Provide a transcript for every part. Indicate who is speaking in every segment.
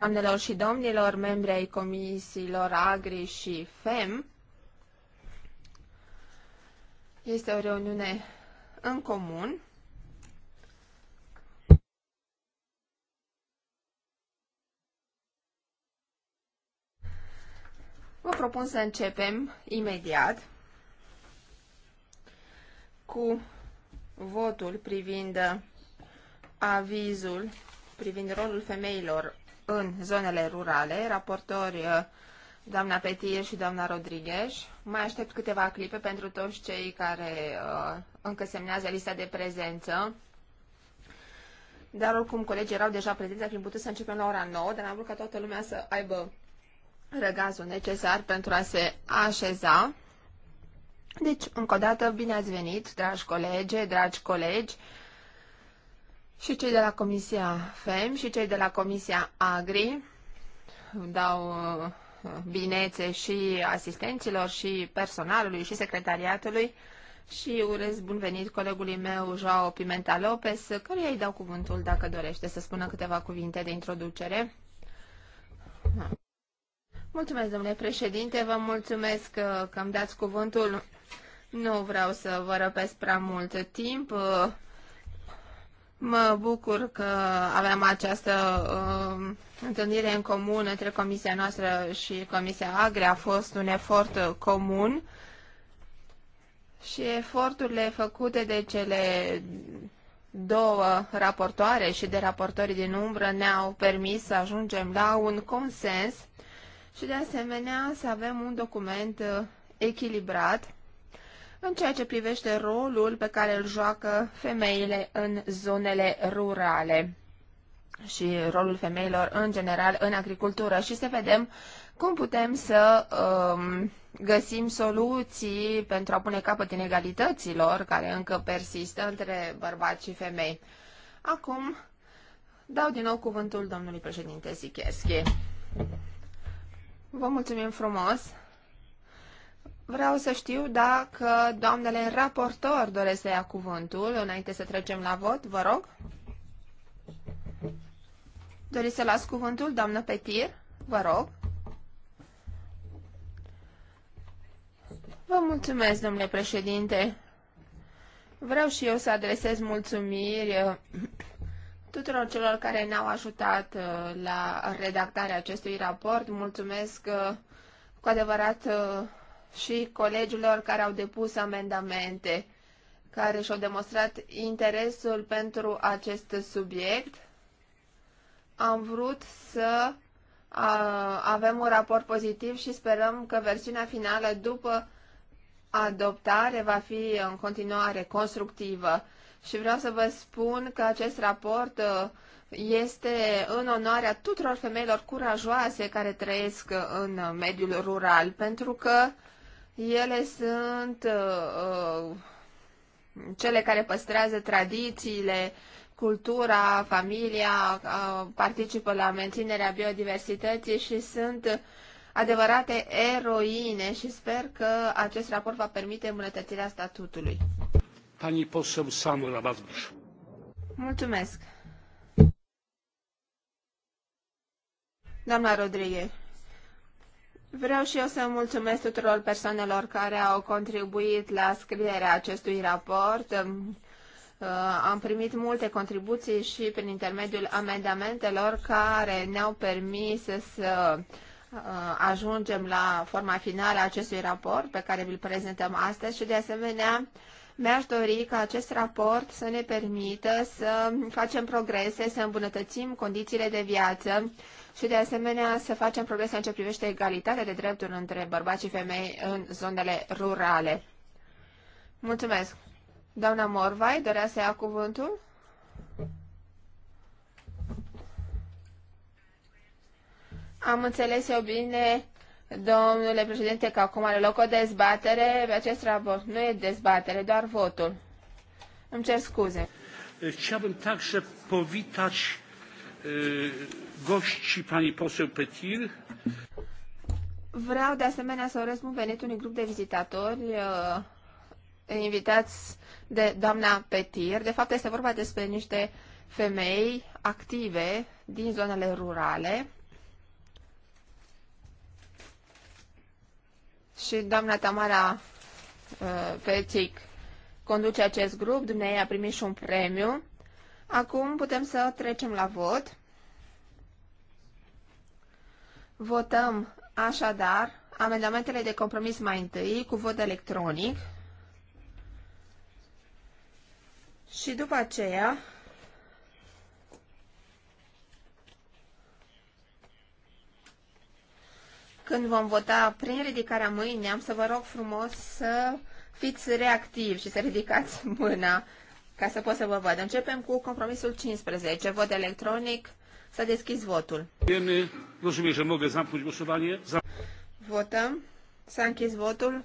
Speaker 1: doamnelor și domnilor, membri ai comisiilor Agri și FEM. Este o reuniune în comun. Vă propun să începem imediat cu votul privind avizul privind rolul femeilor în zonele rurale, raportori uh, doamna Petir și doamna Rodriguez. Mai aștept câteva clipe pentru toți cei care uh, încă semnează lista de prezență. Dar oricum, colegii erau deja prezenți, ar fi putut să începem la ora 9, dar am vrut ca toată lumea să aibă răgazul necesar pentru a se așeza. Deci, încă o dată, bine ați venit, dragi colege, dragi colegi și cei de la Comisia FEM și cei de la Comisia AGRI dau uh, binețe și asistenților și personalului și secretariatului și urez bun venit colegului meu, Joao Pimenta Lopez, căruia îi dau cuvântul dacă dorește să spună câteva cuvinte de introducere. Da. Mulțumesc, domnule președinte, vă mulțumesc uh, că îmi dați cuvântul. Nu vreau să vă răpesc prea mult timp. Uh, Mă bucur că avem această uh, întâlnire în comun între Comisia noastră și Comisia Agri. A fost un efort comun și eforturile făcute de cele două raportoare și de raportorii din umbră ne-au permis să ajungem la un consens și de asemenea să avem un document echilibrat în ceea ce privește rolul pe care îl joacă femeile în zonele rurale și rolul femeilor în general în agricultură și să vedem cum putem să um, găsim soluții pentru a pune capăt inegalităților care încă persistă între bărbați și femei. Acum dau din nou cuvântul domnului președinte Sikierski. Vă mulțumim frumos! Vreau să știu dacă doamnele raportor doresc să ia cuvântul înainte să trecem la vot, vă rog. Doriți să las cuvântul, doamnă Petir? Vă rog. Vă mulțumesc, domnule președinte. Vreau și eu să adresez mulțumiri uh, tuturor celor care ne-au ajutat uh, la redactarea acestui raport. Mulțumesc uh, cu adevărat și colegilor care au depus amendamente, care și-au demonstrat interesul pentru acest subiect. Am vrut să avem un raport pozitiv și sperăm că versiunea finală după adoptare va fi în continuare constructivă. Și vreau să vă spun că acest raport uh, este în onoarea tuturor femeilor curajoase care trăiesc în mediul rural, pentru că ele sunt uh, uh, cele care păstrează tradițiile, cultura, familia, uh, participă la menținerea biodiversității și sunt adevărate eroine și sper că acest raport va permite îmbunătățirea statutului.
Speaker 2: Pani poseł Samura Bazbuș.
Speaker 1: Mulțumesc. Doamna Rodriguez. Vreau și eu să mulțumesc tuturor persoanelor care au contribuit la scrierea acestui raport. Am uh, primit multe contribuții și prin intermediul amendamentelor care ne-au permis să uh, ajungem la forma finală a acestui raport pe care vi-l prezentăm astăzi și de asemenea mi-aș dori ca acest raport să ne permită să facem progrese, să îmbunătățim condițiile de viață și, de asemenea, să facem progrese în ce privește egalitatea de drepturi între bărbați și femei în zonele rurale. Mulțumesc! Doamna Morvai, dorea să ia cuvântul? Am înțeles eu bine Domnule președinte, că acum are loc o dezbatere pe acest raport. Nu e dezbatere, doar votul. Îmi cer scuze.
Speaker 2: Chciałbym także powitać gości pani poseł Petir.
Speaker 1: Vreau de asemenea să urez bun venit unui grup de vizitatori invitați de doamna Petir. De fapt, este vorba despre niște femei active din zonele rurale și doamna Tamara uh, conduce acest grup, dumneavoastră a primit și un premiu. Acum putem să trecem la vot. Votăm așadar amendamentele de compromis mai întâi cu vot electronic și după aceea Când vom vota prin ridicarea mâinii, am să vă rog frumos să fiți reactivi și să ridicați mâna ca să pot să vă văd. Începem cu compromisul 15. Vot electronic. S-a deschis votul. Votăm. S-a închis votul.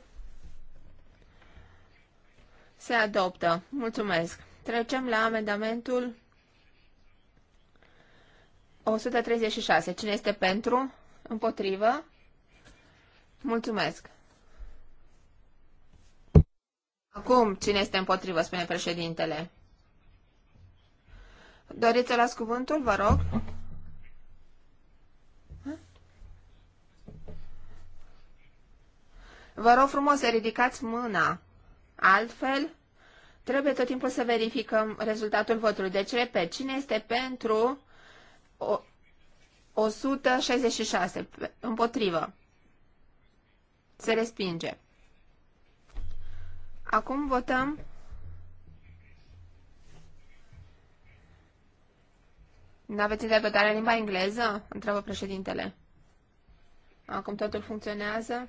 Speaker 1: Se adoptă. Mulțumesc. Trecem la amendamentul 136. Cine este pentru? Împotrivă? Mulțumesc. Acum, cine este împotrivă, spune președintele. Doriți să las cuvântul, vă rog? Vă rog frumos să ridicați mâna. Altfel, trebuie tot timpul să verificăm rezultatul votului. Deci, repet, cine este pentru o, 166? Împotrivă. Se respinge. Acum votăm N-aveți de în limba engleză? Întreabă președintele. Acum totul funcționează?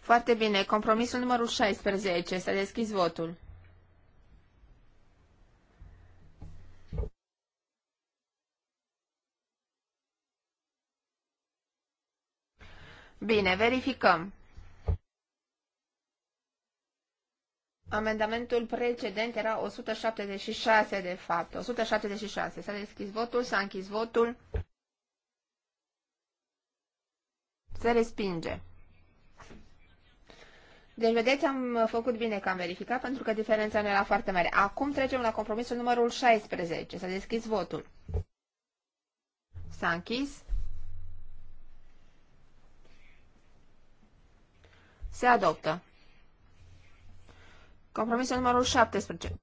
Speaker 1: Foarte bine. Compromisul numărul 16. S-a deschis votul. Bine, verificăm. Amendamentul precedent era 176, de fapt. 176. S-a deschis votul, s-a închis votul. Se respinge. Deci, vedeți, am făcut bine că am verificat, pentru că diferența nu era foarte mare. Acum trecem la compromisul numărul 16. S-a deschis votul. S-a închis. Se adoptă. Compromisul numărul 17.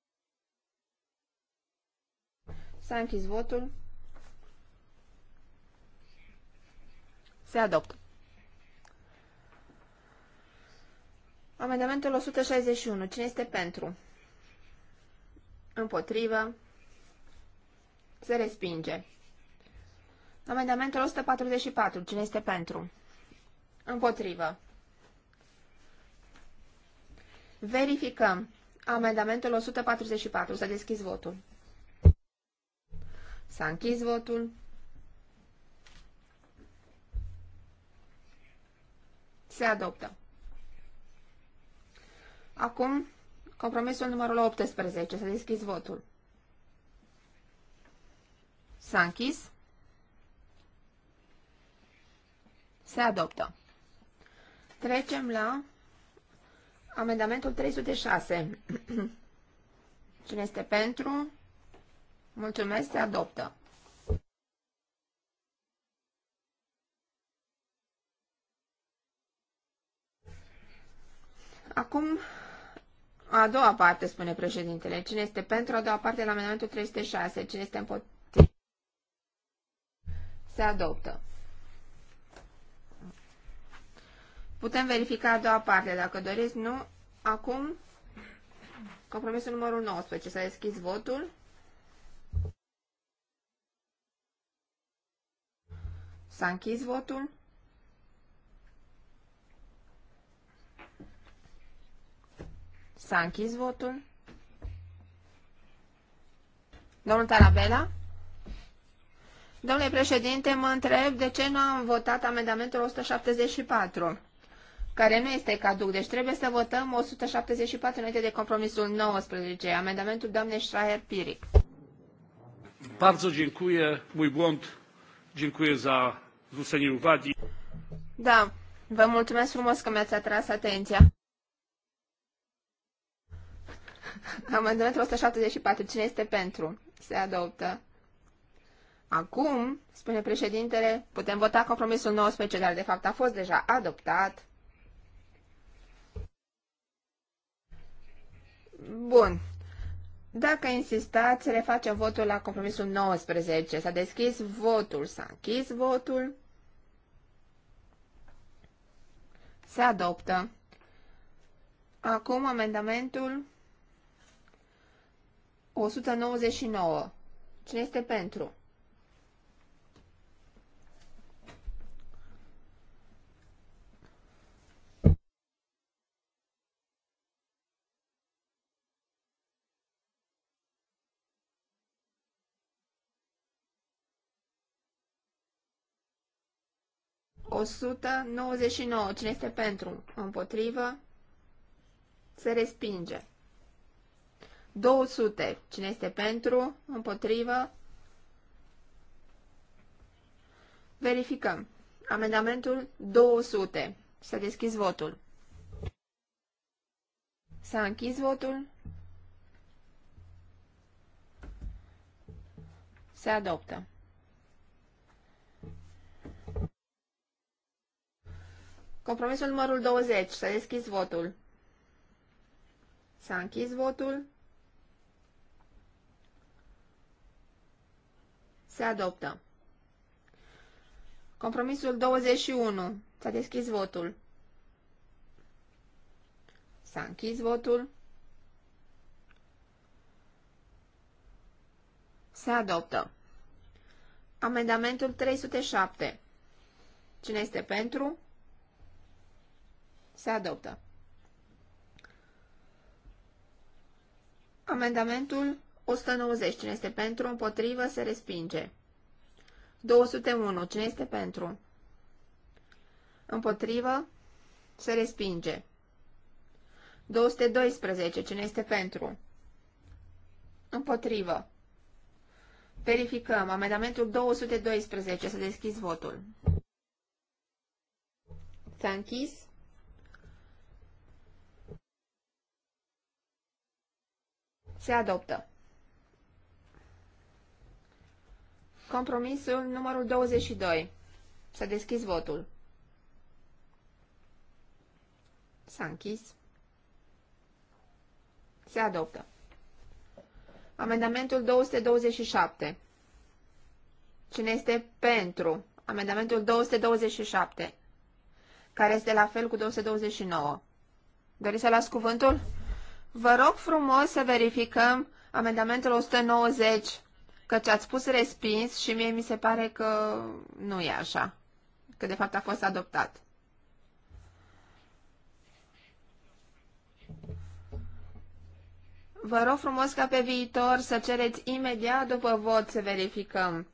Speaker 1: S-a închis votul. Se adoptă. Amendamentul 161. Cine este pentru? Împotrivă. Se respinge. Amendamentul 144. Cine este pentru? Împotrivă. Verificăm. Amendamentul 144. Să deschis votul. S-a închis votul. Se adoptă. Acum, compromisul numărul 18. Să deschis votul. S-a închis. Se adoptă. Trecem la Amendamentul 306. Cine este pentru? Mulțumesc, se adoptă. Acum, a doua parte, spune președintele. Cine este pentru a doua parte la amendamentul 306? Cine este împotriva? Se adoptă. Putem verifica a doua parte, dacă doriți, nu? Acum, compromisul numărul 19. S-a deschis votul. S-a închis votul. S-a închis votul. Domnul Tarabela? Domnule președinte, mă întreb de ce nu am votat amendamentul 174 care nu este caduc. Deci trebuie să votăm 174 înainte de compromisul 19, amendamentul doamnei Schreier-Piric.
Speaker 2: Bardzo dziękuję, mój błąd. Dziękuję za zwrócenie uwagi.
Speaker 1: Da, vă mulțumesc frumos că mi-ați atras atenția. Amendamentul 174. Cine este pentru? Se adoptă. Acum, spune președintele, putem vota compromisul 19, dar de fapt a fost deja adoptat. Bun. Dacă insistați, refacem votul la compromisul 19. S-a deschis votul, s-a închis votul. Se adoptă. Acum amendamentul 199. Cine este pentru? 199. Cine este pentru? Împotrivă? Se respinge. 200. Cine este pentru? Împotrivă? Verificăm. Amendamentul 200. S-a deschis votul. S-a închis votul. Se adoptă. Compromisul numărul 20. S-a deschis votul. S-a închis votul. Se adoptă. Compromisul 21. S-a deschis votul. S-a închis votul. Se adoptă. Amendamentul 307. Cine este pentru? Se adoptă. Amendamentul 190. Cine este pentru? Împotrivă? Se respinge. 201. Cine este pentru? Împotrivă? Se respinge. 212. Cine este pentru? Împotrivă. Verificăm. Amendamentul 212. Să deschizi votul. S-a închis. Se adoptă. Compromisul numărul 22. Să deschizi votul. S-a închis. Se adoptă. Amendamentul 227. Cine este pentru? Amendamentul 227, care este la fel cu 229. Doriți să las cuvântul? Vă rog frumos să verificăm amendamentul 190, căci ați spus respins și mie mi se pare că nu e așa, că de fapt a fost adoptat. Vă rog frumos ca pe viitor să cereți imediat după vot să verificăm.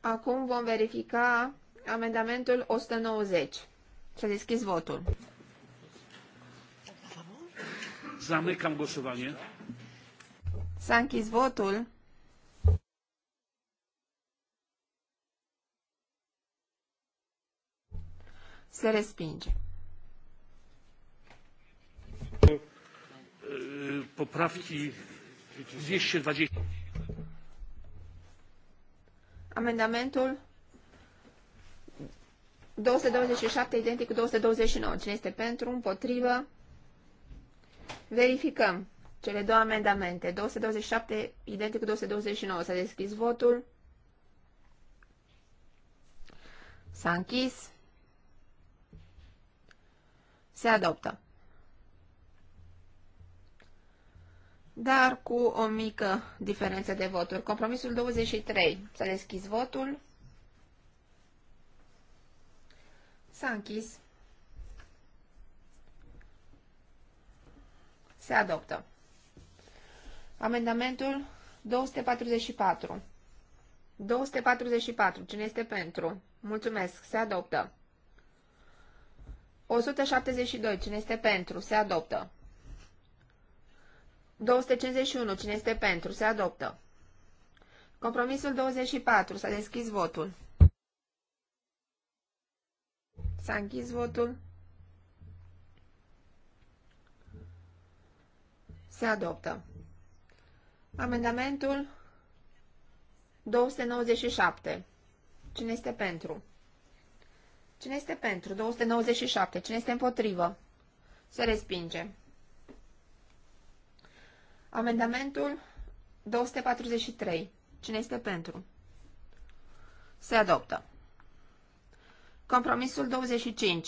Speaker 1: Acum vom verifica amendamentul 190. Să deschizi votul.
Speaker 2: Zamykam głosowanie.
Speaker 1: S-a votul. Se respinge.
Speaker 2: Poprawki 220.
Speaker 1: Amendamentul 227 identic cu 229. Cine este pentru? Împotrivă? Verificăm cele două amendamente, 227 identic cu 229. S-a deschis votul. S-a închis. Se adoptă. Dar cu o mică diferență de voturi. Compromisul 23. S-a deschis votul. S-a închis. Se adoptă. Amendamentul 244. 244. Cine este pentru? Mulțumesc. Se adoptă. 172. Cine este pentru? Se adoptă. 251. Cine este pentru? Se adoptă. Compromisul 24. S-a deschis votul. S-a închis votul. Se adoptă. Amendamentul 297. Cine este pentru? Cine este pentru? 297. Cine este împotrivă? Se respinge. Amendamentul 243. Cine este pentru? Se adoptă. Compromisul 25.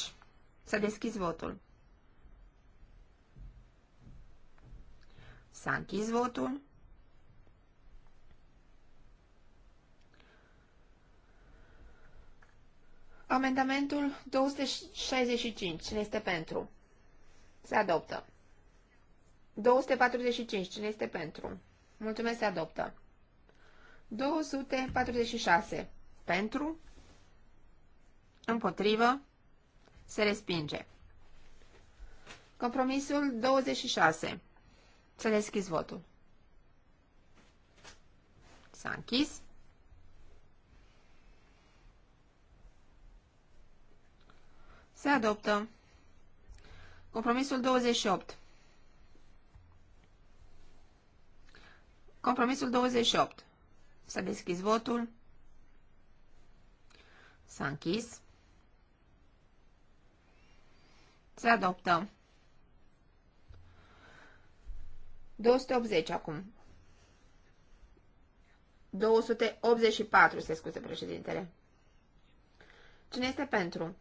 Speaker 1: Să deschizi deschis votul. S-a închis votul. Amendamentul 265. Cine este pentru? Se adoptă. 245. Cine este pentru? Mulțumesc, se adoptă. 246. Pentru? Împotrivă? Se respinge. Compromisul 26. Să deschizi votul. S-a închis. Se adoptă. Compromisul 28. Compromisul 28. Să deschis votul. S-a închis. Se adoptă. 280 acum. 284, se scuze președintele. Cine este pentru?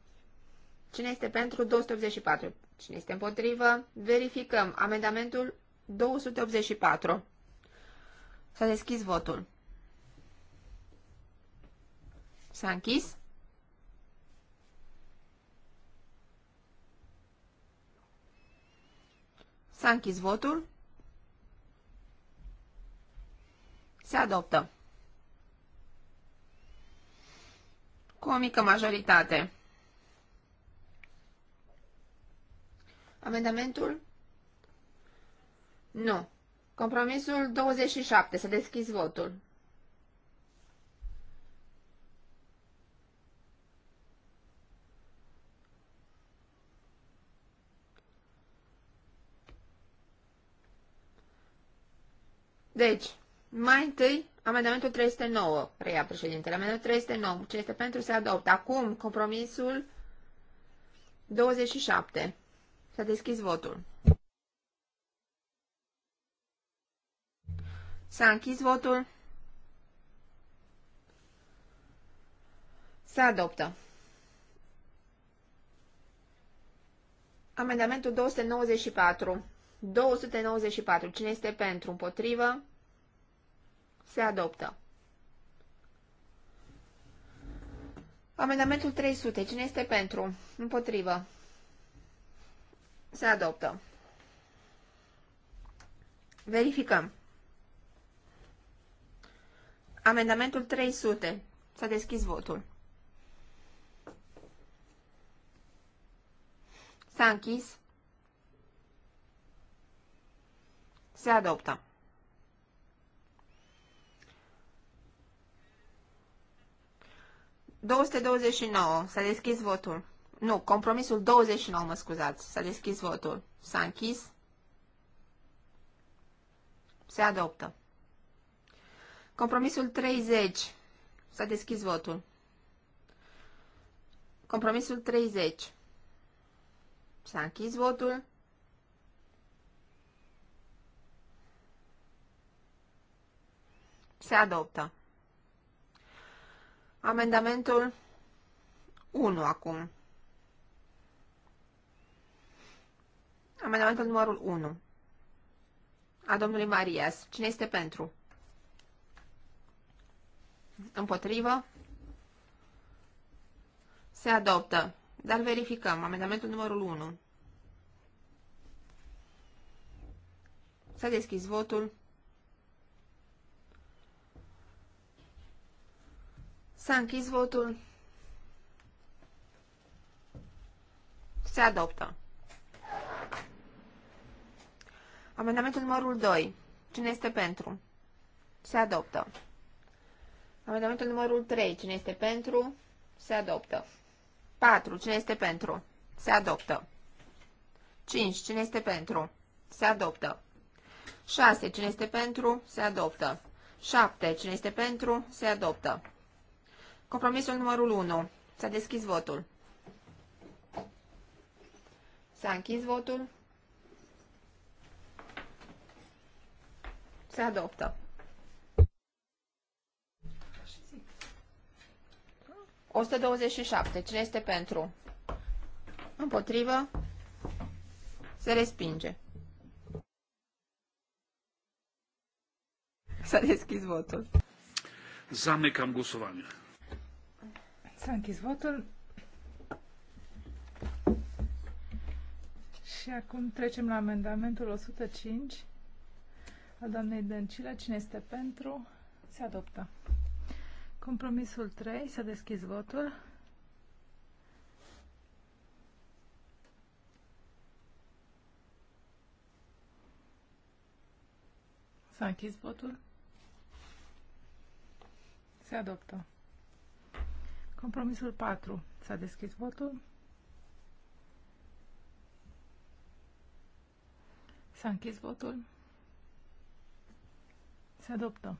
Speaker 1: Cine este pentru 284? Cine este împotrivă? Verificăm. Amendamentul 284. S-a deschis votul. S-a închis. S-a închis votul. Se adoptă. Cu o mică majoritate. Amendamentul? Nu. Compromisul 27. Să deschizi votul. Deci, mai întâi, amendamentul 309, reia președintele. Amendamentul 309, ce este pentru, se adoptă. Acum, compromisul 27. S-a deschis votul. S-a închis votul. Se adoptă. Amendamentul 294. 294. Cine este pentru? Împotrivă? Se adoptă. Amendamentul 300. Cine este pentru? Împotrivă. Se adoptă. Verificăm. Amendamentul 300. S-a deschis votul. S-a închis. Se adoptă. 229. S-a deschis votul. Nu, compromisul 29, mă scuzați. S-a deschis votul. S-a închis. Se adoptă. Compromisul 30. S-a deschis votul. Compromisul 30. S-a închis votul. Se adoptă. Amendamentul 1 acum. Amendamentul numărul 1 a domnului Marias. Cine este pentru? Împotrivă? Se adoptă. Dar verificăm. Amendamentul numărul 1. Să deschizi votul. S-a închis votul. Se adoptă. Amendamentul numărul 2. Cine este pentru? Se adoptă. Amendamentul numărul 3. Cine este pentru? Se adoptă. 4. Cine este pentru? Se adoptă. 5. Cine este pentru? Se adoptă. 6. Cine este pentru? Se adoptă. 7. Cine este pentru? Se adoptă. Compromisul numărul 1. S-a deschis votul. S-a închis votul. Se adoptă. 127. Cine este pentru? Împotrivă? Se respinge. S-a deschis votul.
Speaker 2: Zamykam głosowanie.
Speaker 3: S-a închis votul. Și acum trecem la amendamentul 105 al doamnei Dăncilă. Cine este pentru? Se adoptă. Compromisul 3. Să deschis votul. S-a închis votul. Se adoptă. Compromisul 4. S-a deschis votul. S-a închis votul. Se adoptă.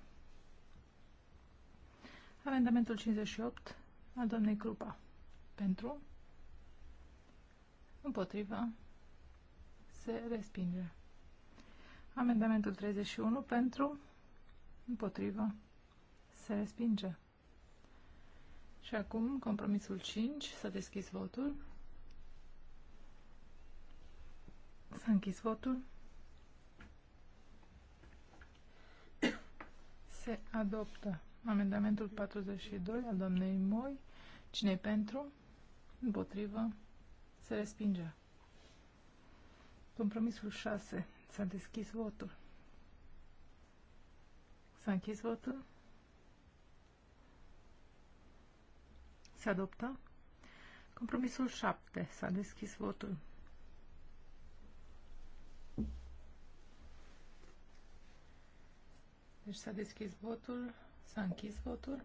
Speaker 3: Amendamentul 58 a doamnei Crupa. Pentru. Împotriva. Se respinge. Amendamentul 31 pentru. Împotriva. Se respinge. Și acum compromisul 5, s-a deschis votul. S-a închis votul. Se adoptă amendamentul 42 al doamnei Moi. cine pentru? Împotrivă. Se respinge. Compromisul 6. S-a deschis votul. S-a închis votul. Se adoptă. Compromisul 7. S-a deschis votul. Deci s-a deschis votul, s-a închis votul.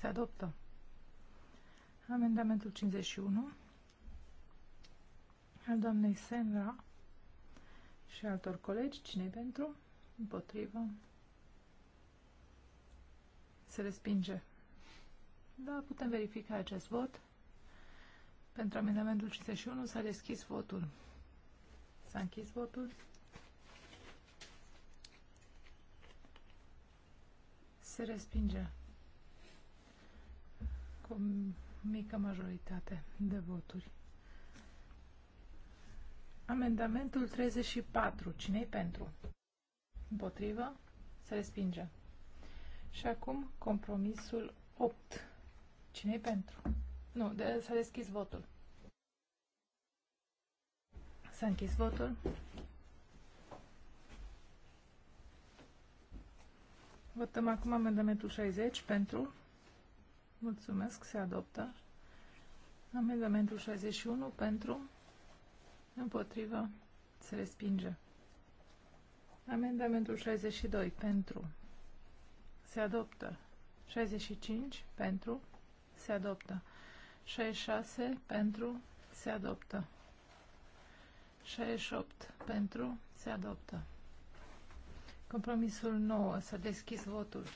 Speaker 3: Se adoptă. Amendamentul 51 al doamnei Senra și altor colegi. cine pentru? Împotrivă. Se respinge. Da, putem verifica acest vot. Pentru amendamentul 51 s-a deschis votul. S-a închis votul. Se respinge cu o mică majoritate de voturi. Amendamentul 34. Cine-i pentru? Împotrivă? Se respinge. Și acum compromisul 8. Cine-i pentru? Nu, de, s-a deschis votul. S-a închis votul. Votăm acum amendamentul 60 pentru. Mulțumesc, se adoptă. Amendamentul 61 pentru. Împotrivă, se respinge. Amendamentul 62 pentru se adoptă. 65 pentru, se adoptă. 66 pentru, se adoptă. 68 pentru, se adoptă. Compromisul 9, s-a deschis votul.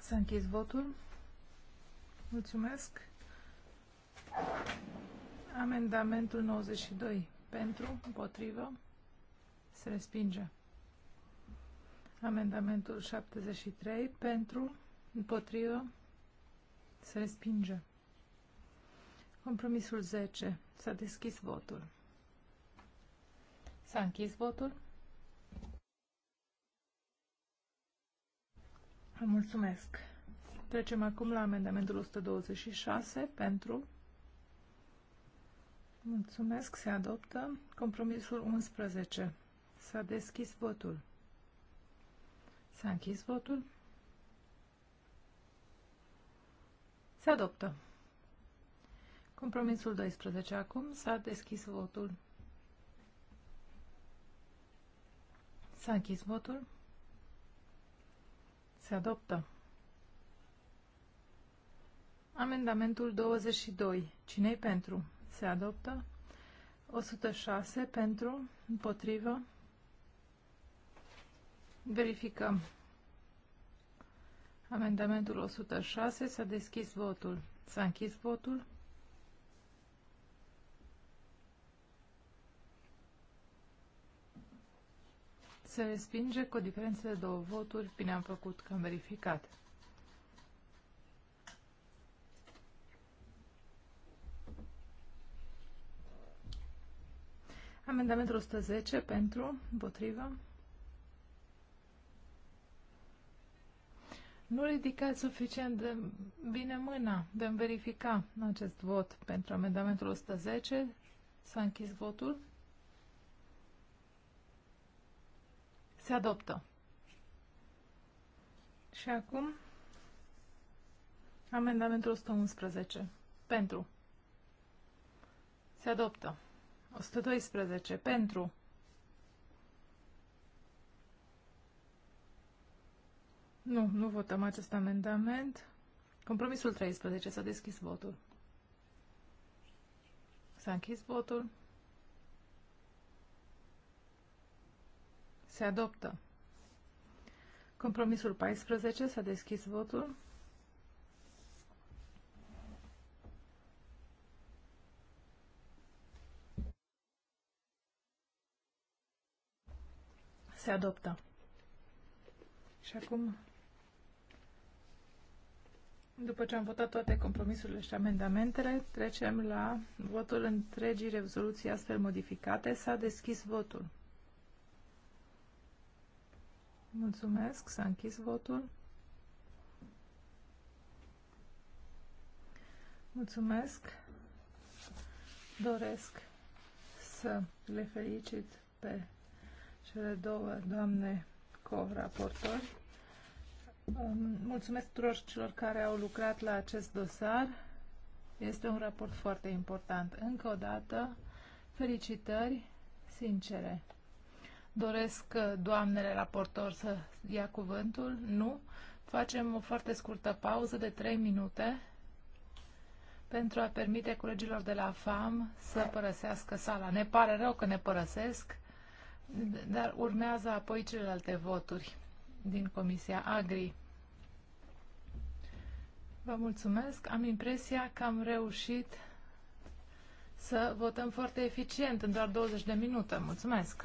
Speaker 3: S-a închis votul. Mulțumesc. Amendamentul 92 pentru, împotrivă, se respinge. Amendamentul 73 pentru, împotrivă, se respinge. Compromisul 10. S-a deschis votul. S-a închis votul. Vă mulțumesc. Trecem acum la amendamentul 126 pentru. Mulțumesc, se adoptă. Compromisul 11. S-a deschis votul. S-a închis votul. Se adoptă. Compromisul 12. Acum s-a deschis votul. S-a închis votul. Se adoptă. Amendamentul 22. cine pentru? Se adoptă. 106 pentru, împotrivă, Verificăm. Amendamentul 106 s-a deschis votul. S-a închis votul. Se respinge cu o diferență de două voturi. Bine am făcut că am verificat. Amendamentul 110 pentru, împotrivă. Nu ridicați suficient de bine mâna. Vom verifica acest vot pentru amendamentul 110. S-a închis votul. Se adoptă. Și acum amendamentul 111. Pentru. Se adoptă. 112. Pentru. Nu, nu votăm acest amendament. Compromisul 13. S-a deschis votul. S-a închis votul. Se adoptă. Compromisul 14. S-a deschis votul. Se adoptă. Și acum după ce am votat toate compromisurile și amendamentele, trecem la votul întregii rezoluții astfel modificate. S-a deschis votul. Mulțumesc, s-a închis votul. Mulțumesc. Doresc să le felicit pe cele două doamne co-raportori. Mulțumesc tuturor celor care au lucrat la acest dosar. Este un raport foarte important. Încă o dată, felicitări sincere. Doresc uh, doamnele raportor să ia cuvântul? Nu. Facem o foarte scurtă pauză de 3 minute pentru a permite colegilor de la FAM să părăsească sala. Ne pare rău că ne părăsesc, dar urmează apoi celelalte voturi din Comisia Agri. Vă mulțumesc. Am impresia că am reușit să votăm foarte eficient în doar 20 de minute. Mulțumesc!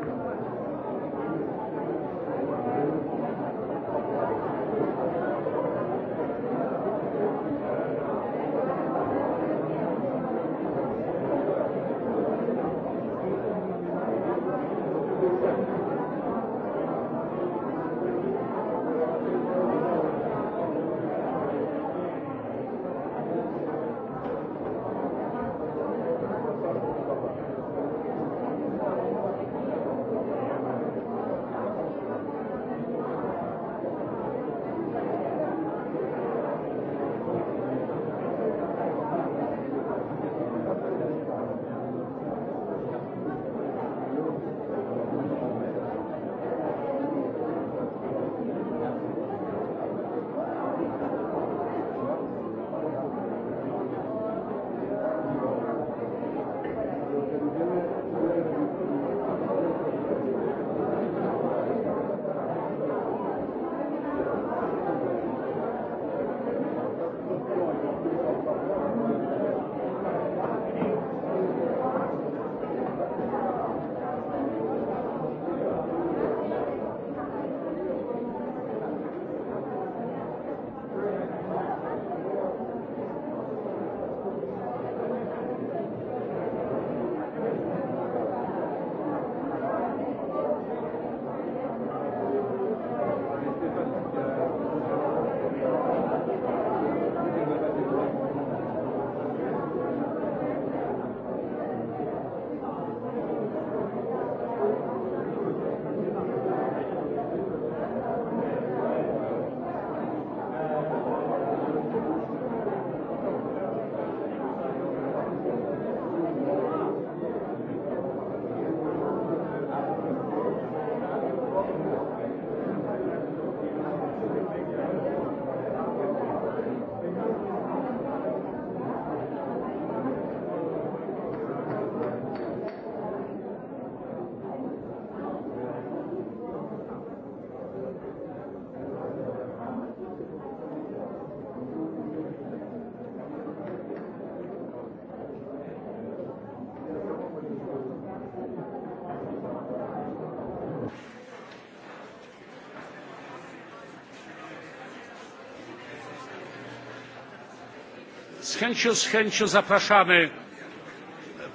Speaker 2: chęcią, z chęcią zapraszamy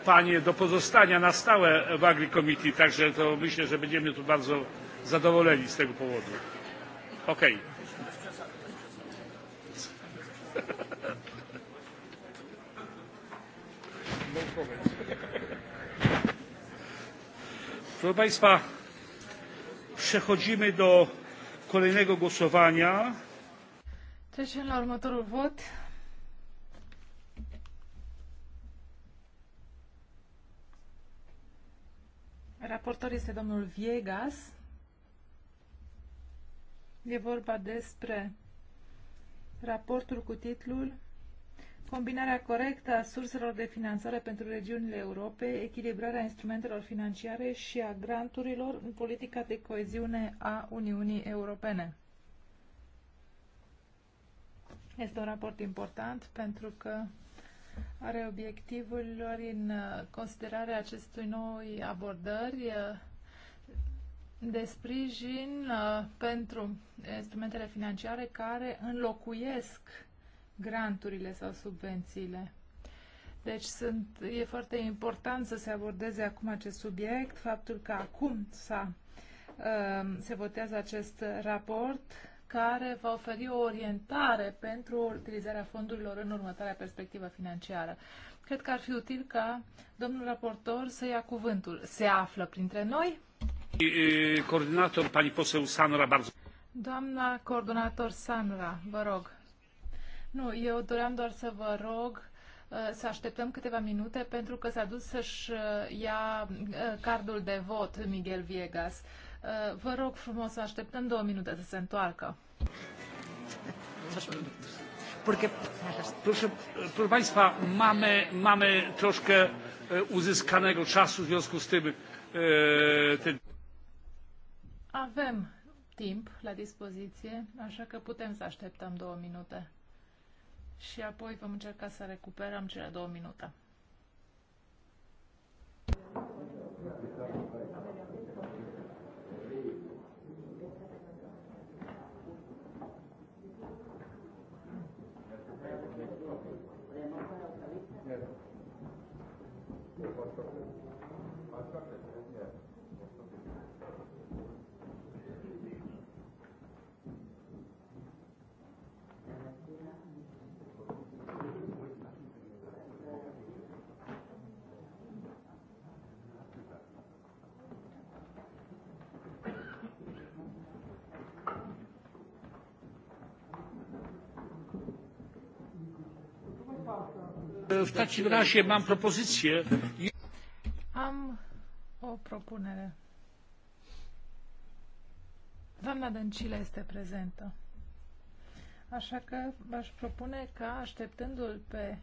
Speaker 2: Panie do pozostania na stałe w Agri Committee, także to myślę, że będziemy tu bardzo zadowoleni z tego powodu. Okay. Proszę Państwa, przechodzimy do kolejnego głosowania.
Speaker 3: Trecem la următorul Raportor este domnul Viegas. E vorba despre raportul cu titlul Combinarea corectă a surselor de finanțare pentru regiunile Europei, echilibrarea instrumentelor financiare și a granturilor în politica de coeziune a Uniunii Europene. Este un raport important pentru că are obiectivul lor în uh, considerarea acestui noi abordări uh, de sprijin uh, pentru instrumentele financiare care înlocuiesc granturile sau subvențiile. Deci sunt, e foarte important să se abordeze acum acest subiect, faptul că acum s-a, se votează acest raport care va oferi o orientare pentru utilizarea fondurilor în următoarea perspectivă financiară. Cred că ar fi util ca domnul raportor să ia cuvântul. Se află printre noi?
Speaker 2: Coordonator, pani poseu Sanra, bardzo.
Speaker 3: Doamna coordonator Sanra, vă rog. Nu, eu doream doar să vă rog uh, să așteptăm câteva minute pentru că s-a dus să-și uh, ia uh, cardul de vot Miguel Viegas. Uh, vă rog frumos să așteptăm două minute să se întoarcă.
Speaker 2: Porque, proszę, proszę Państwa, mamy, mamy troszkę uzyskanego czasu w związku z tym. Ten...
Speaker 3: Avem timp la dispoziție, așa că putem să așteptăm două minute. Și apoi vom încerca să recuperăm cele două minute. W takim razie
Speaker 2: mam propozycję.
Speaker 3: Am o propunere. Doamna Dăncilă este prezentă. Așa că v-aș propune ca, așteptându-l pe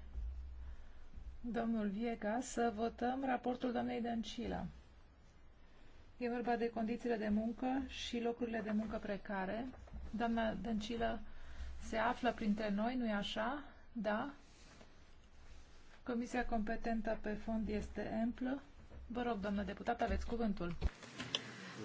Speaker 3: domnul Viega, să votăm raportul doamnei Dăncilă. E vorba de condițiile de muncă și locurile de muncă precare. Doamna Dăncilă se află printre noi, nu-i așa? Da? Comisia competentă pe fond este amplă. Vă rog, doamnă deputată, aveți cuvântul.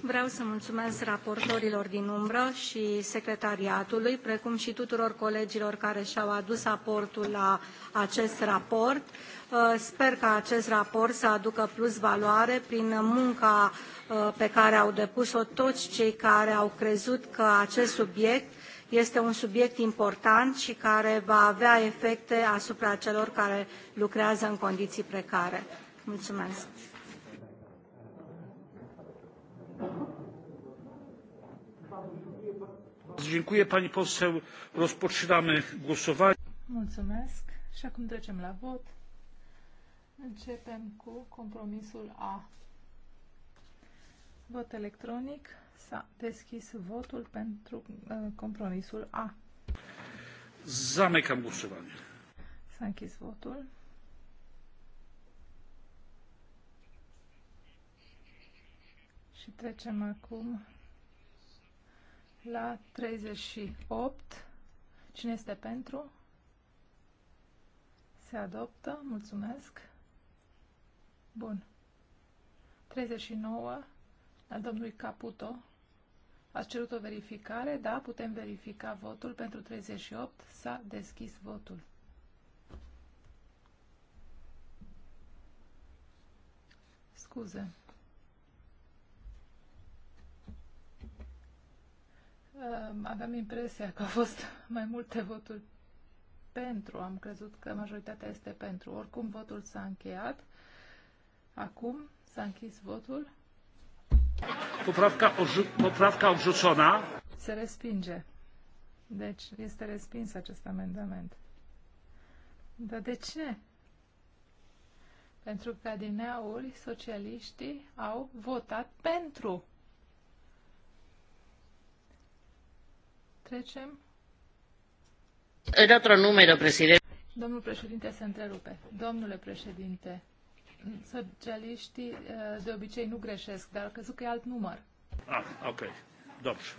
Speaker 1: Vreau să mulțumesc raportorilor din umbră și secretariatului, precum și tuturor colegilor care și-au adus aportul la acest raport. Uh, sper ca acest raport să aducă plus valoare prin munca uh, pe care au depus-o toți cei care au crezut că acest subiect este un subiect important și care va avea efecte asupra celor care lucrează în condiții precare. Mulțumesc!
Speaker 2: Dziękuję pani poseł. Rozpoczynamy głosowanie.
Speaker 3: Mulțumesc. Și acum trecem la vot. Începem cu compromisul A. Vot electronic. S-a deschis votul pentru uh, compromisul A.
Speaker 2: Zamecam głosowanie.
Speaker 3: S-a închis votul. Și trecem acum la 38. Cine este pentru? Se adoptă. Mulțumesc. Bun. 39 al domnului Caputo. Ați cerut o verificare? Da, putem verifica votul pentru 38. S-a deschis votul. Scuze. Aveam impresia că au fost mai multe voturi pentru. Am crezut că majoritatea este pentru. Oricum, votul s-a încheiat. Acum s-a închis votul.
Speaker 2: Poprawka, poprawka odrzucona.
Speaker 3: Se respinge. Deci este respins acest amendament. Dar de ce? Pentru că adineauri socialiștii au votat pentru. Trecem.
Speaker 1: Era otro numero, președinte.
Speaker 3: Domnul președinte se întrerupe. Domnule președinte, Socialiștii eh, de obicei nu greșesc, dar crezut că e alt număr.
Speaker 2: Ah, ok. Dobrze.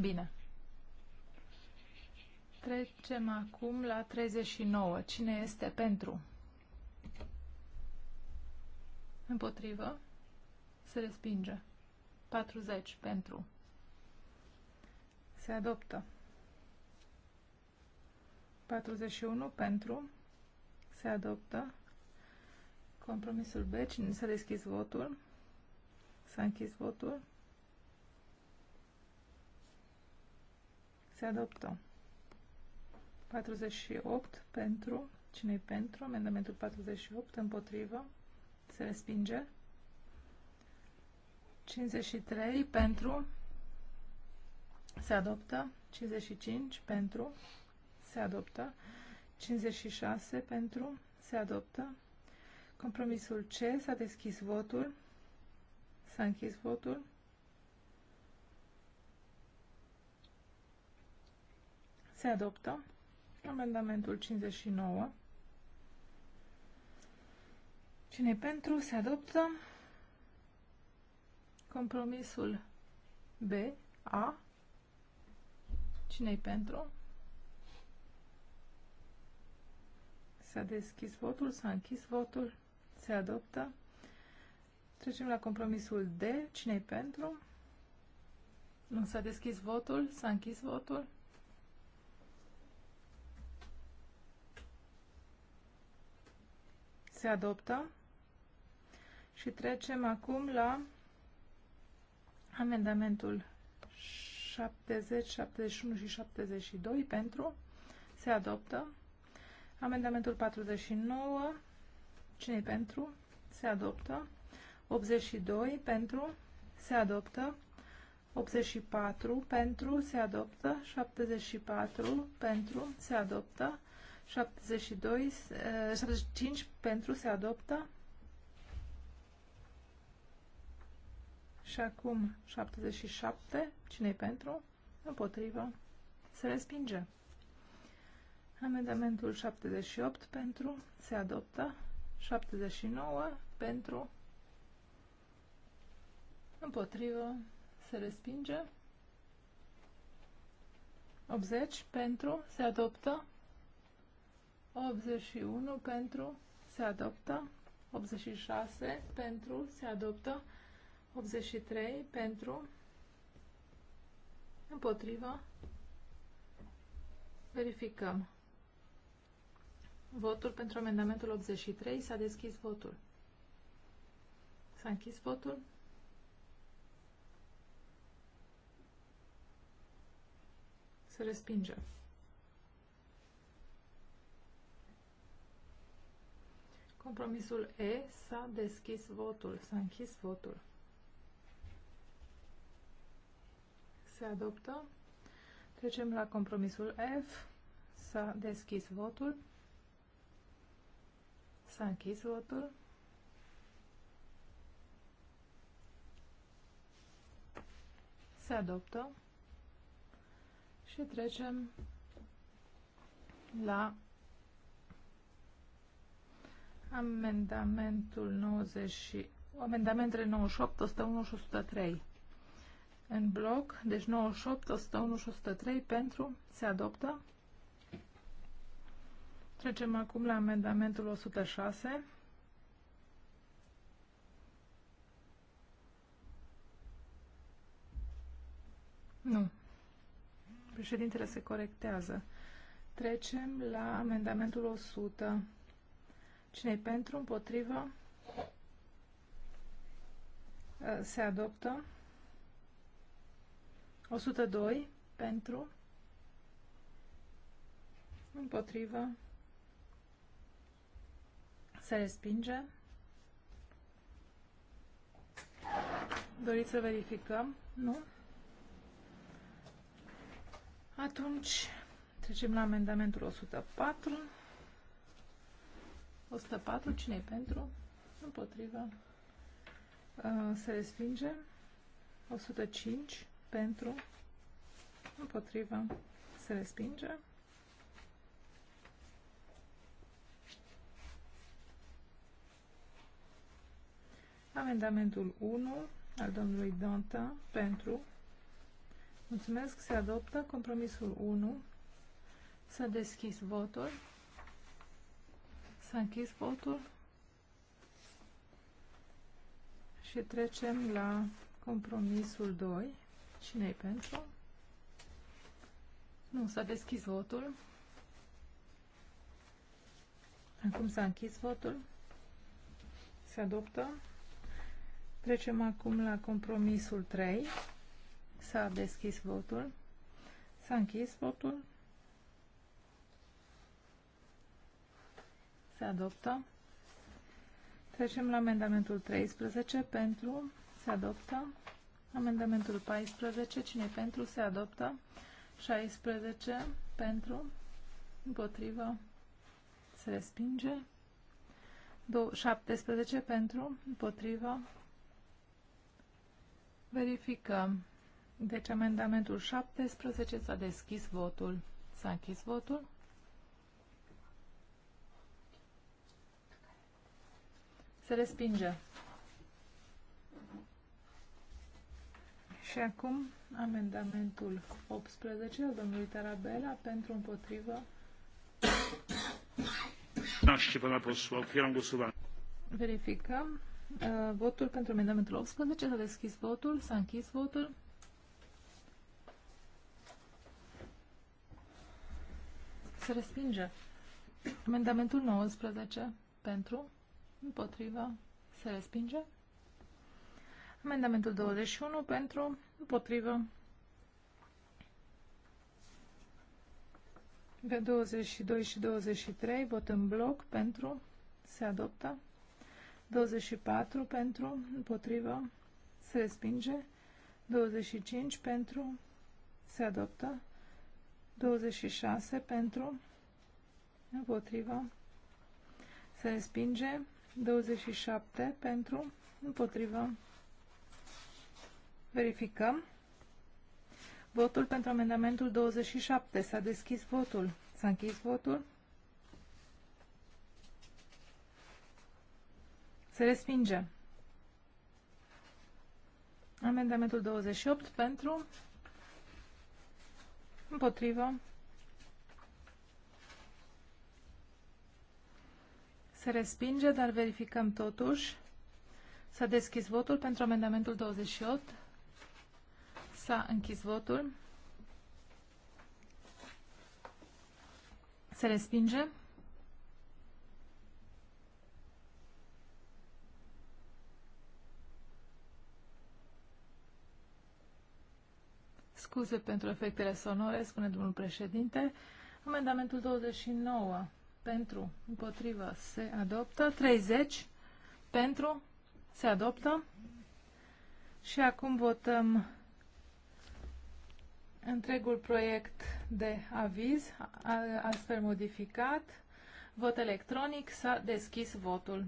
Speaker 3: Bine. Trecem acum la 39. Cine este pentru? Împotrivă. Se respinge. 40 pentru. Se adoptă. 41 pentru. Se adoptă. Compromisul B, cine s-a deschis votul? S-a închis votul? Se adoptă. 48 pentru, cine pentru? Amendamentul 48 împotrivă, se respinge. 53 pentru, se adoptă. 55 pentru, se adoptă. 56 pentru, se adoptă. Compromisul C. S-a deschis votul. S-a închis votul. Se adoptă amendamentul 59. Cine pentru? Se adoptă compromisul B, A. Cine-i pentru? S-a deschis votul, s-a închis votul. Se adoptă. Trecem la compromisul D. cine pentru? Nu s-a deschis votul? S-a închis votul? Se adoptă. Și trecem acum la amendamentul 70, 71 și 72 pentru. Se adoptă. Amendamentul 49 Cine pentru? Se adoptă. 82 pentru? Se adoptă. 84 pentru? Se adoptă. 74 pentru? Se adoptă. 72, 75 eh, pentru? Se adoptă. Și acum 77. cine e pentru? Împotrivă. Se respinge. Amendamentul 78 pentru se adoptă. 79 pentru împotrivă se respinge 80 pentru se adoptă 81 pentru se adoptă 86 pentru se adoptă 83 pentru împotrivă verificăm Votul pentru amendamentul 83. S-a deschis votul. S-a închis votul. Se respinge. Compromisul E s-a deschis votul, s-a închis votul. Se adoptă. Trecem la compromisul F. S-a deschis votul. S-a închis votul. Se adoptă. Și trecem la amendamentul 90, amendamentele 98, 101 și 103 în bloc, deci 98, 101 și 103 pentru, se adoptă. Trecem acum la amendamentul 106. Nu. Președintele se corectează. Trecem la amendamentul 100. Cine-i pentru? Împotrivă? Ă, se adoptă. 102 pentru. Împotrivă. Se respinge. Doriți să verificăm? Nu? Atunci trecem la amendamentul 104. 104, cine e pentru? Împotrivă. Uh, se respinge. 105 pentru. Împotrivă. Se respinge. Amendamentul 1 al domnului Danta pentru. Mulțumesc. Se adoptă. Compromisul 1. S-a deschis votul. S-a închis votul. Și trecem la compromisul 2. cine e pentru? Nu, s-a deschis votul. Acum s-a închis votul. Se adoptă. Trecem acum la compromisul 3. S-a deschis votul. S-a închis votul. Se adoptă. Trecem la amendamentul 13. Pentru. Se adoptă. Amendamentul 14. Cine pentru? Se adoptă. 16. Pentru. Împotrivă. Se respinge. 17 pentru, împotrivă, Verificăm. Deci amendamentul 17 s-a deschis votul. S-a închis votul. Se respinge. Și acum amendamentul 18 al domnului Tarabela pentru împotrivă. Verificăm. Uh, votul pentru amendamentul 18. S-a deschis votul. S-a închis votul. Se respinge. Amendamentul 19. Pentru. Împotriva. Se respinge. Amendamentul 21. Pentru. Împotrivă. Pe 22 și 23 vot în bloc pentru se adoptă. 24 pentru, împotrivă, se respinge. 25 pentru, se adoptă. 26 pentru, împotrivă, se respinge. 27 pentru, împotrivă, verificăm. Votul pentru amendamentul 27. S-a deschis votul. S-a închis votul. Se respinge. Amendamentul 28 pentru, împotrivă, se respinge, dar verificăm totuși. S-a deschis votul pentru amendamentul 28. S-a închis votul. Se respinge. scuze pentru efectele sonore, spune domnul președinte. Amendamentul 29 pentru, împotrivă, se adoptă. 30 pentru, se adoptă. Și acum votăm întregul proiect de aviz, astfel modificat. Vot electronic, s-a deschis votul.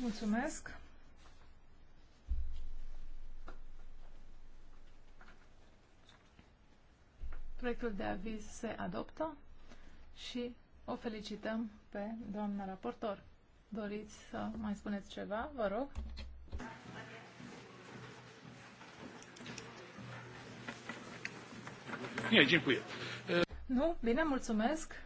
Speaker 3: Mulțumesc! Proiectul de aviz se adoptă și o felicităm pe doamna raportor. Doriți să mai spuneți ceva? Vă rog. Bine, dziękuję. Nu? Bine, mulțumesc.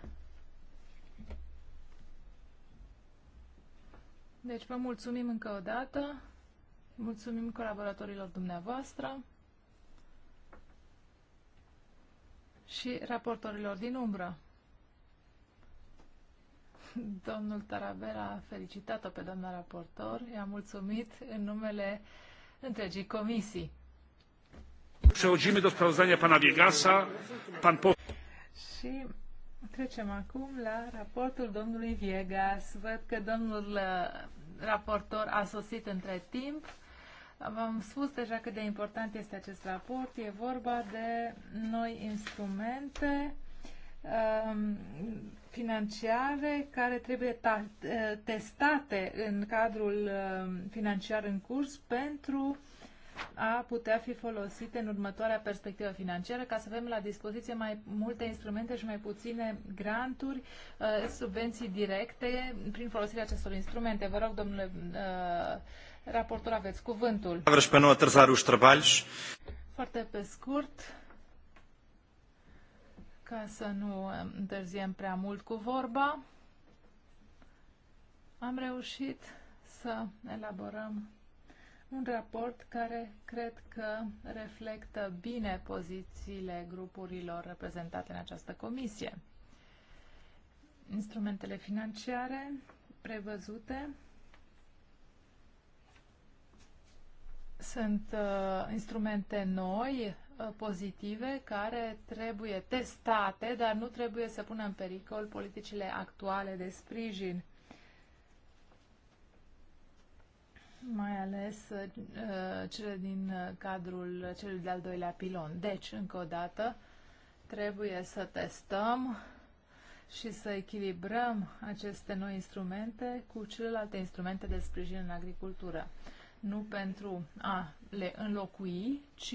Speaker 3: Deci vă mulțumim încă o dată. Mulțumim colaboratorilor dumneavoastră. și raportorilor din umbră. Domnul Tarabera a felicitat-o pe doamna raportor, i-a mulțumit în numele întregii comisii.
Speaker 2: Przechodzimy do sprawozdania pana Biegasa. Pan po...
Speaker 3: Și trecem acum la raportul domnului Viegas. Văd că domnul uh, raportor a sosit între timp. V-am spus deja cât de important este acest raport. E vorba de noi instrumente um, financiare care trebuie uh, testate în cadrul um, financiar în curs pentru a putea fi folosite în următoarea perspectivă financiară ca să avem la dispoziție mai multe instrumente și mai puține granturi, uh, subvenții directe prin folosirea acestor instrumente. Vă rog, domnule uh, raportor, aveți cuvântul. Foarte pe scurt, ca să nu uh, întârziem prea mult cu vorba, am reușit să elaborăm un raport care cred că reflectă bine pozițiile grupurilor reprezentate în această comisie. Instrumentele financiare prevăzute sunt uh, instrumente noi, uh, pozitive, care trebuie testate, dar nu trebuie să pună în pericol politicile actuale de sprijin mai ales uh, cele din uh, cadrul uh, celui de-al doilea pilon. Deci, încă o dată, trebuie să testăm și să echilibrăm aceste noi instrumente cu celelalte instrumente de sprijin în agricultură. Nu pentru a le înlocui, ci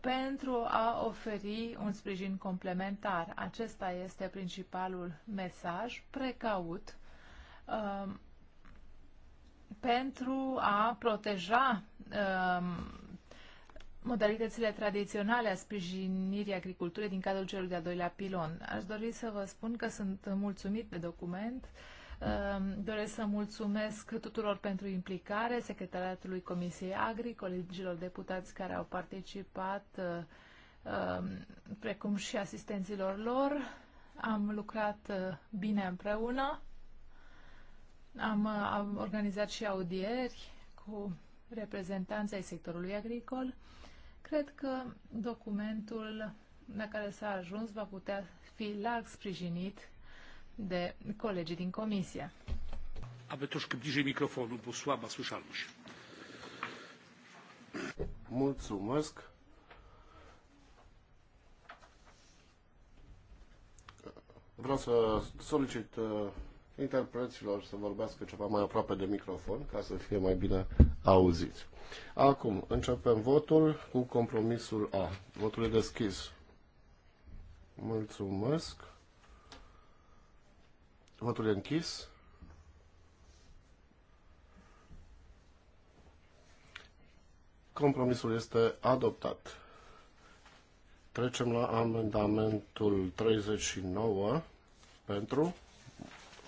Speaker 3: pentru a oferi un sprijin complementar. Acesta este principalul mesaj precaut uh, pentru a proteja um, modalitățile tradiționale a sprijinirii agriculturii din cadrul celui de-al doilea pilon. Aș dori să vă spun că sunt mulțumit de document. Um, doresc să mulțumesc tuturor pentru implicare, secretariatului Comisiei Agri, colegilor deputați care au participat, um, precum și asistenților lor. Am lucrat uh, bine împreună am, uh, am organizat și audieri cu reprezentanții ai sectorului agricol. Cred că documentul la care s-a ajuns va putea fi larg sprijinit de colegii din comisie.
Speaker 2: Aby troszkę bliže microfonul, bo słaba slușalmuși.
Speaker 4: Mulțumesc. Vreau să solicit uh, interpreților să vorbească ceva mai aproape de microfon ca să fie mai bine auziți. Acum începem votul cu compromisul A. Votul e deschis. Mulțumesc. Votul e închis. Compromisul este adoptat. Trecem la amendamentul 39 pentru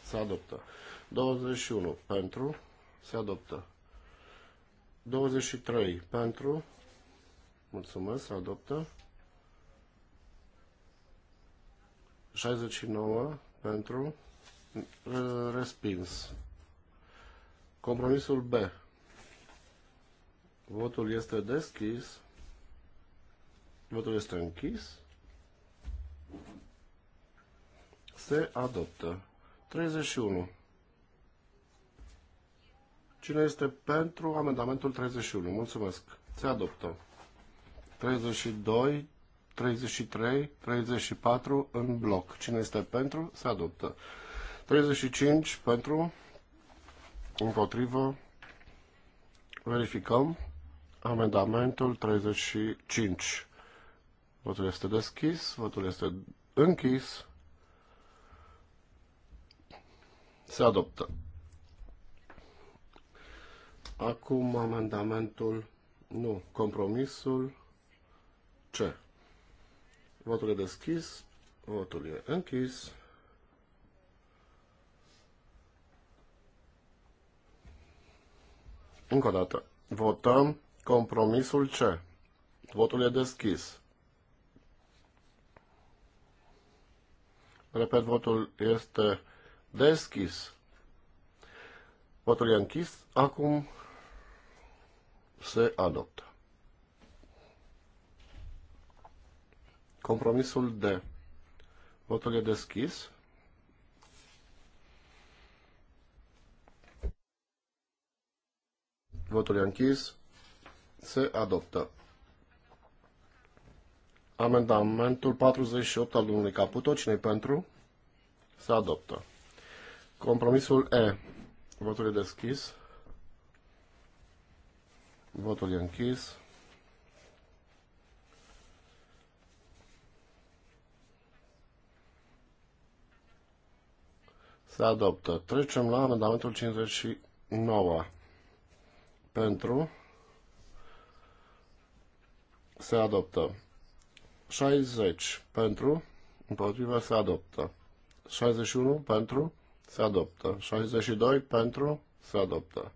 Speaker 4: se adoptă. 21 pentru, se adoptă. 23 pentru, mulțumesc, se adoptă. 69 pentru, respins. Compromisul B. Votul este deschis. Votul este închis. Se adoptă. 31. Cine este pentru amendamentul 31? Mulțumesc. Se adoptă. 32, 33, 34 în bloc. Cine este pentru? Se adoptă. 35 pentru, împotrivă, verificăm amendamentul 35. Votul este deschis, votul este închis. Se adoptă. Acum amendamentul, nu, compromisul C. Votul e deschis, votul e închis. Încă o dată. Votăm compromisul C. Votul e deschis. Repet, votul este deschis. Votul e închis. Acum se adoptă. Compromisul D. Votul e deschis. Votul e închis. Se adoptă. Amendamentul 48 al domnului Caputo. cine pentru? Se adoptă. Compromisul E. Votul e deschis. Votul e închis. Se adoptă. Trecem la amendamentul 59. Pentru. Se adoptă. 60 pentru. Împotriva se adoptă. 61 pentru se adoptă. 62 pentru, se adoptă.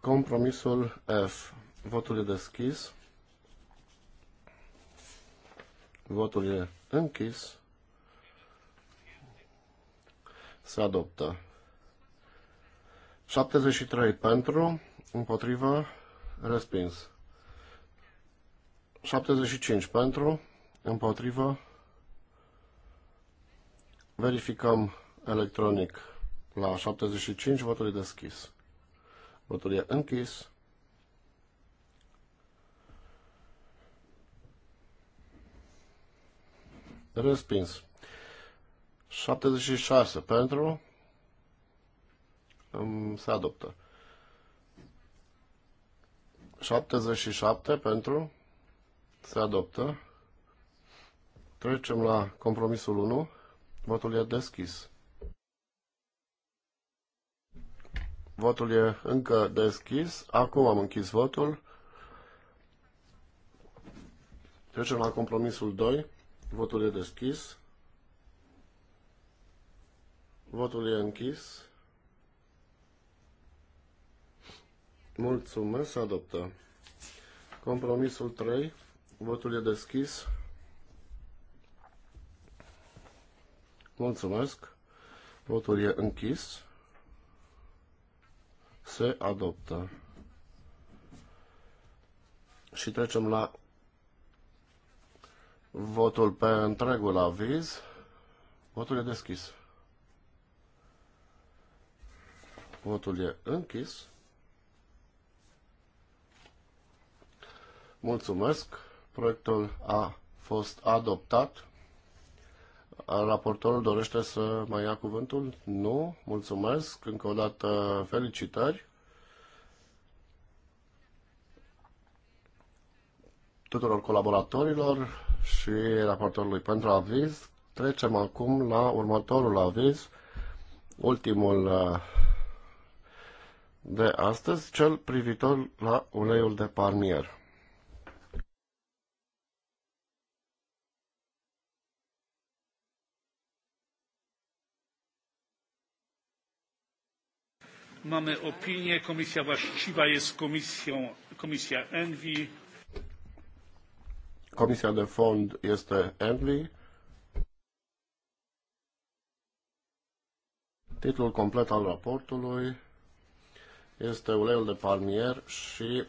Speaker 4: Compromisul F. Votul e deschis. Votul e închis. Se adoptă. 73 pentru, împotriva, respins. 75 pentru, împotriva, Verificăm electronic la 75, votul e deschis. Votul e închis. Respins. 76 pentru. Se adoptă. 77 pentru. Se adoptă. Trecem la compromisul 1. Votul e deschis. Votul e încă deschis. Acum am închis votul. Trecem la compromisul 2. Votul e deschis. Votul e închis. Mulțumesc, adoptă. Compromisul 3. Votul e deschis. Mulțumesc. Votul e închis. Se adoptă. Și trecem la votul pe întregul aviz. Votul e deschis. Votul e închis. Mulțumesc. Proiectul a fost adoptat. Raportorul dorește să mai ia cuvântul? Nu? Mulțumesc. Încă o dată felicitări. tuturor colaboratorilor și raportorului pentru aviz. Trecem acum la următorul aviz, ultimul uh, de astăzi, cel privitor la uleiul de parmier.
Speaker 2: Mamy opinię. Komisja właściwa jest komisją, Comisia Envi.
Speaker 4: Comisia de fond este Envi. Titlul complet al raportului este Uleiul de palmier și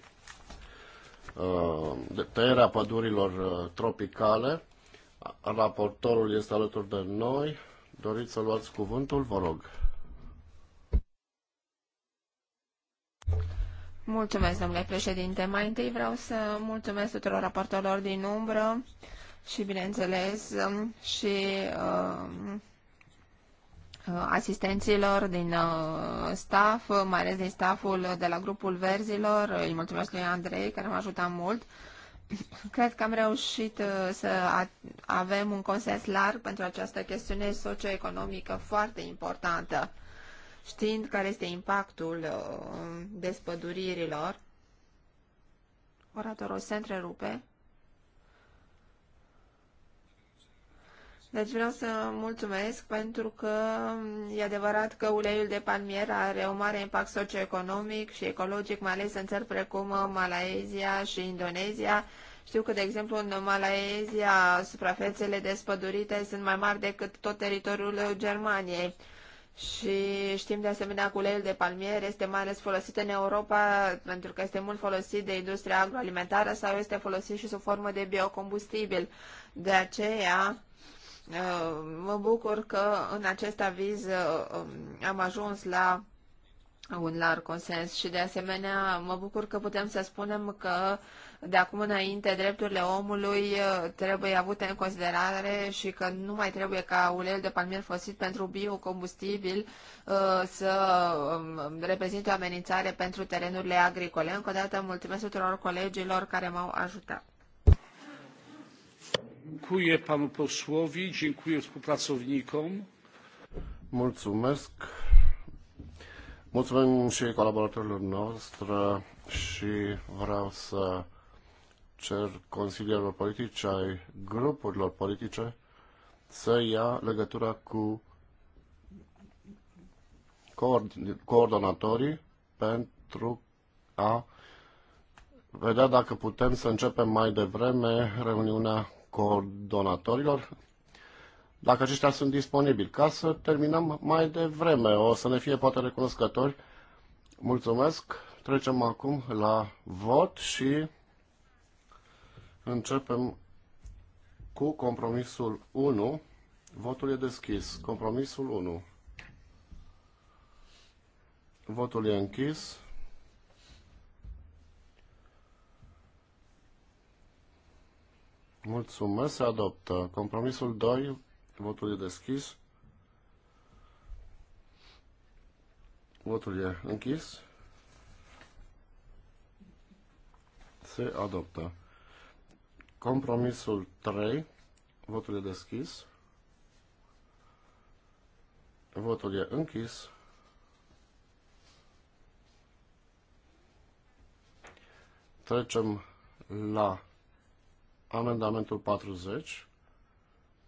Speaker 4: uh, tăierea pădurilor uh, tropicale. Raportorul este alături de noi. Doriți să luați cuvântul? Vă rog.
Speaker 1: Mulțumesc, domnule președinte. Mai întâi vreau să mulțumesc tuturor raportorilor din umbră și, bineînțeles, um, și um, uh, asistenților din uh, staff, mai ales din stafful de la grupul Verzilor. Îi mulțumesc lui Andrei, care m-a ajutat mult. Cred că am reușit uh, să avem un consens larg pentru această chestiune socioeconomică foarte importantă știind care este impactul uh, despăduririlor. Oratorul se întrerupe. Deci vreau să mulțumesc pentru că mm, e adevărat că uleiul de palmier are un mare impact socioeconomic și ecologic, mai ales în țări precum uh, Malaezia și Indonezia. Știu că, de exemplu, în Malaezia suprafețele despădurite sunt mai mari decât tot teritoriul Germaniei. Și știm de asemenea că uleiul de palmier este mai ales folosit în Europa pentru că este mult folosit de industria agroalimentară sau este folosit și sub formă de biocombustibil. De aceea uh, mă bucur că în acest aviz uh, um, am ajuns la un larg consens și de asemenea mă bucur că putem să spunem că uh, de acum înainte drepturile omului uh, trebuie avute în considerare și că nu mai trebuie ca uleiul de palmier folosit pentru biocombustibil uh, să um, reprezinte o amenințare pentru terenurile agricole. Încă o dată mulțumesc tuturor colegilor care m-au ajutat.
Speaker 2: Dziękuję panu posłowi, dziękuję współpracownikom.
Speaker 4: Mulțumesc. Mulțumim și colaboratorilor noastre și vreau să cer consilierilor politice, ai grupurilor politice, să ia legătura cu coordonatorii pentru a vedea dacă putem să începem mai devreme reuniunea coordonatorilor, dacă aceștia sunt disponibili, ca să terminăm mai devreme. O să ne fie poate recunoscători. Mulțumesc. Trecem acum la vot și Începem cu compromisul 1. Votul e deschis. Compromisul 1. Votul e închis. Mulțumesc, se adoptă. Compromisul 2, votul e deschis. Votul e închis. Se adoptă. Compromisul 3. Votul e deschis. Votul e închis. Trecem la amendamentul 40.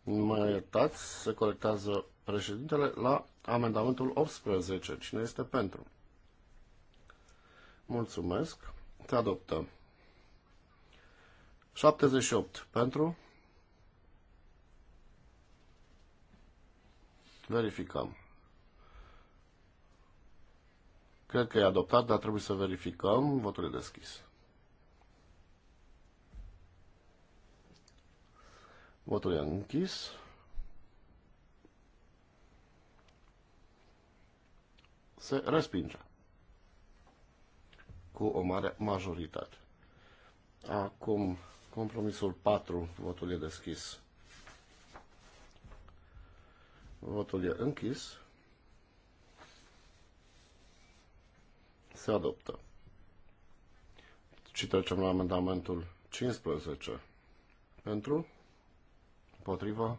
Speaker 4: Mă iertați, se colectează președintele la amendamentul 18. Cine este pentru? Mulțumesc. Te adoptăm. 78 pentru. Verificăm. Cred că e adoptat, dar trebuie să verificăm. Votul e deschis. Votul e închis. Se respinge cu o mare majoritate. Acum Compromisul 4. Votul e deschis. Votul e închis. Se adoptă. Și trecem la amendamentul 15. Pentru? Împotriva?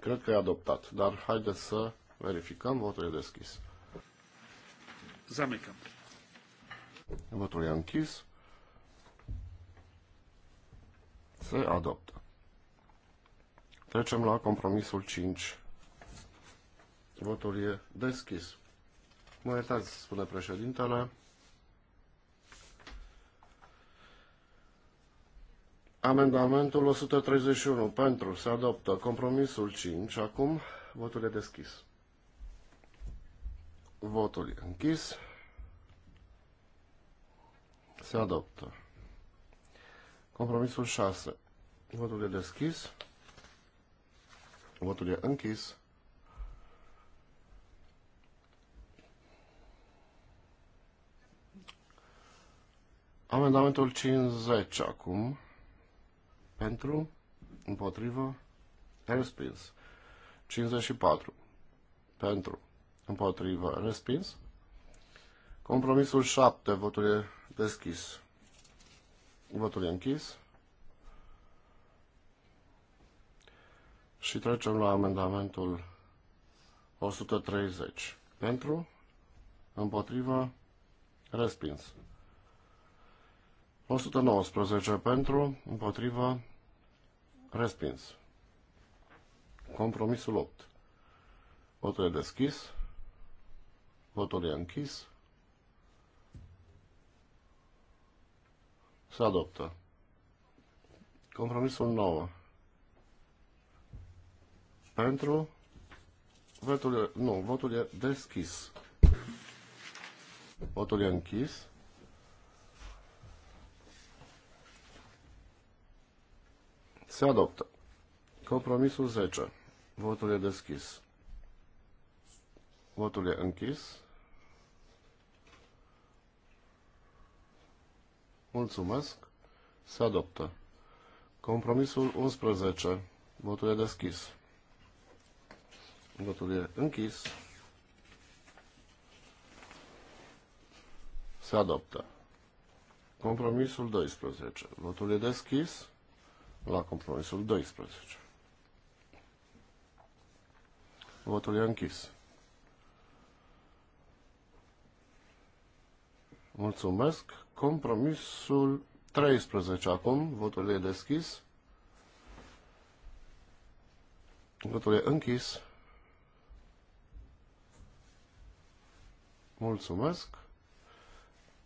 Speaker 4: Cred că e adoptat, dar haideți să verificăm. Votul e deschis. Zamecam. Votul e închis. Se adoptă. Trecem la compromisul 5. Votul e deschis. Mă iertați, spune președintele. Amendamentul 131 pentru se adoptă compromisul 5. Acum votul e deschis. Votul e închis. Se adoptă. Compromisul 6. Votul e deschis. Votul e închis. Amendamentul 50 acum. Pentru, împotrivă, respins. 54. Pentru, împotrivă, respins. Compromisul 7, votul e deschis. Votul e închis. Și trecem la amendamentul 130. Pentru, împotrivă, respins. 119 pentru, împotrivă, respins. Compromisul 8. Votul e deschis. Votul e închis. Se adoptă. Compromisul 9. Pentru. Votul e, nu, votul e deschis. Votul e închis. Se adoptă. Compromisul 10. Votul e deschis. Votul e închis. Mulțumesc. Se adoptă. Compromisul 11. Votul e deschis. Votul e închis. Se adoptă. Compromisul 12. Votul e deschis la compromisul 12. Votul e închis. Mulțumesc. Compromisul 13 acum, votul e deschis. Votul e închis. Mulțumesc.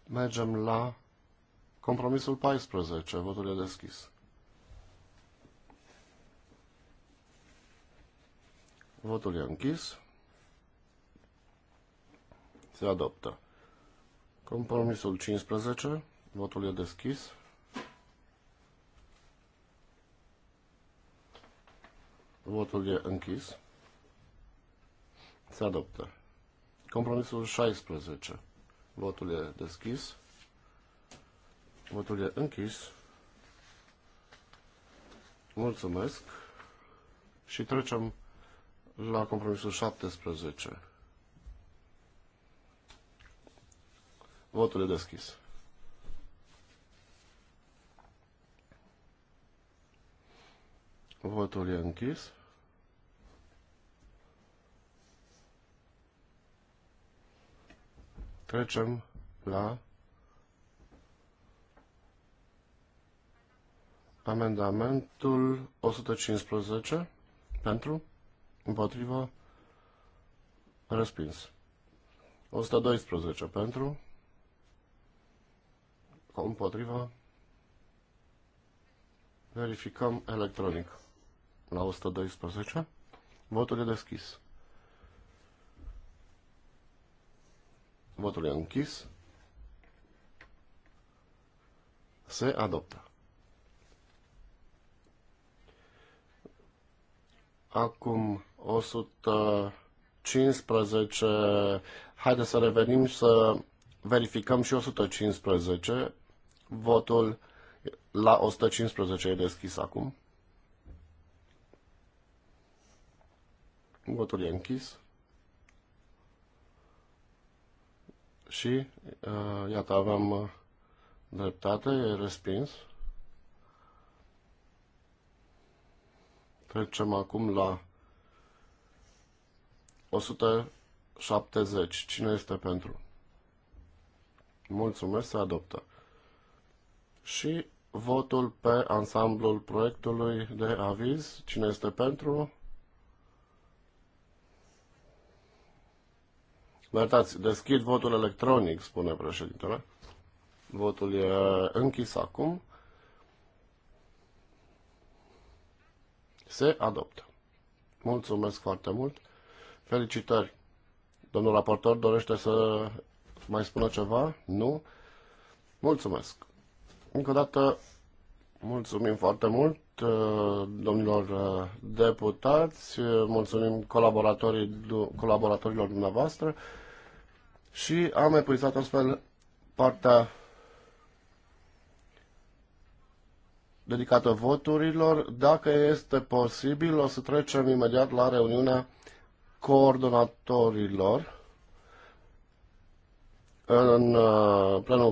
Speaker 4: Mergem la compromisul 14. Votul e deschis. Votul e închis. Se adoptă. Compromisul 15. Votul e deschis. Votul e închis. Se adoptă. Compromisul 16. Votul e deschis. Votul e închis. Mulțumesc. Și trecem la compromisul 17. Votul e deschis. Votul e închis. Trecem la amendamentul 115 pentru, împotriva, respins. 112 pentru, împotriva, verificăm electronic. La 112, votul e deschis. Votul e închis. Se adoptă. Acum 115. Haideți să revenim și să verificăm și 115. Votul la 115 e deschis acum. Votul e închis. Și, uh, iată, avem uh, dreptate, e respins. Trecem acum la 170. Cine este pentru? Mulțumesc, se adoptă și votul pe ansamblul proiectului de aviz. Cine este pentru? Iertați, deschid votul electronic, spune președintele. Votul e închis acum. Se adoptă. Mulțumesc foarte mult. Felicitări. Domnul raportor dorește să mai spună ceva? Nu? Mulțumesc. Încă o dată, mulțumim foarte mult uh, domnilor uh, deputați, uh, mulțumim colaboratorilor dumneavoastră și am epuizat astfel partea dedicată voturilor. Dacă este posibil, o să trecem imediat la reuniunea coordonatorilor în plenul